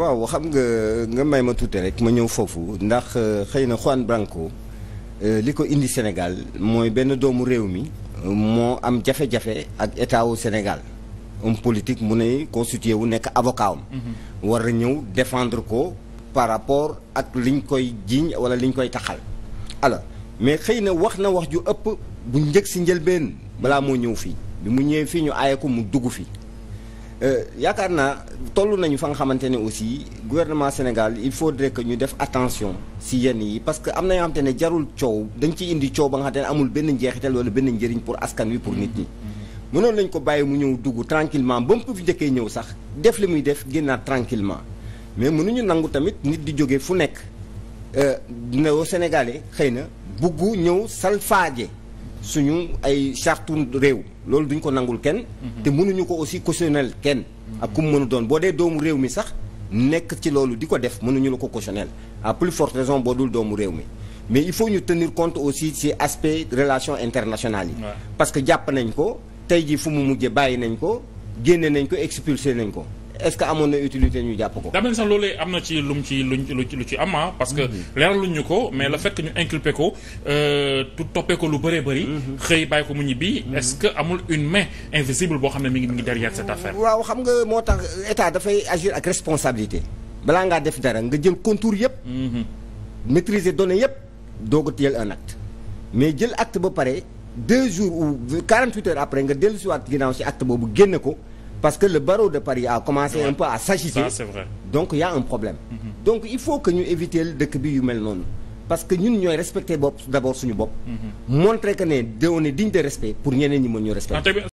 waaw xam nga nga may ma tuuti rek ma ñëw foofu ndax euh, xëy na Juan Branco euh, li ko indi Sénégal mooy benn doomu réew mi moo am jafe-jafe ak état wu Sénégal un politique mu ne constitué wu nekk avocat mhm. war a ñëw defendre ko par rapport ak liñ koy jiiñ wala liñ koy taxal alors mais xëy na wax na wax ju ëpp bu njëkk si njëlbeen balaa moo ñëw fii bi mu ñëwee fii ñu aaye ko mu dugg fii Euh, yaakaar naa toll nañu fa nga xamante ne aussi gouvernement Sénégal il faudrait que ñu def attention si yenn yi parce que am na yoo xamante ne jarul coow dañ ciy indi coow ba nga xamante ne amul benn njeexital wala benn njëriñ pour askan wi pour nit ñi. mënoon lañ ko bàyyi mu ñëw dugg tranquillement ba mu fi njëkkee ñëw sax def li muy def génnaat tranquillement mais mënuñu nangu tamit nit di jóge fu nekk euh, néew sénégalais xëy na bugg ñëw salfaaje suñu ay chartu réew loolu duñ ko nangul kenn mhm. te mënuñu ko aussi cautionnel kenn mhm. ak ku mu mënu doon boo dee doomu réew mi sax nekk ci loolu di ko def mënuñu la ko cautionnel à plus forte raison boo dul doomu réew mi mais il faut ñu tenir compte aussi ci aspect relations internationales yi parce que jàpp nañ ko tey jii fu mu mujjee bàyyi nañ ko génne nañ ko expulsé nañ ko est-ce que amoon na utilité ñu jàpp ko. daa mel ni sax am na ci lu mu ci luñ lu ci am ah, parce que mm-hmm. leeraluñ ñu ko mais le mm-hmm. fekk que ñu inculpé ko euh, tu toppee ko lu bëree bëri. Mm-hmm. xëy bàyyi ko mu ñibbi. est-ce que amul une main invisible boo xam ne mi ngi mi ngi derrière cette affaire. waaw xam nga moo tax état dafay agir ak responsabilité. balaa ngaa def dara nga jël contour yëpp. maitriser données yëpp. doog a jël un acte mais jël acte ba pare deux jours ou quarante-huit après nga dellusiwaat ginnaaw si acte boobu génne ko. Parce que le barreau de Paris a commencé ouais. un à s'agiter. Donc il y problème. Mhm. Donc il faut que ñu éviter dëkk bi yu mel noonu. parce que ñun ñooy respecter bopp d'abord suñu bopp. Mhm. montrer que ne on est respect pour ñeneen ñi mën ñu respecter. Ah,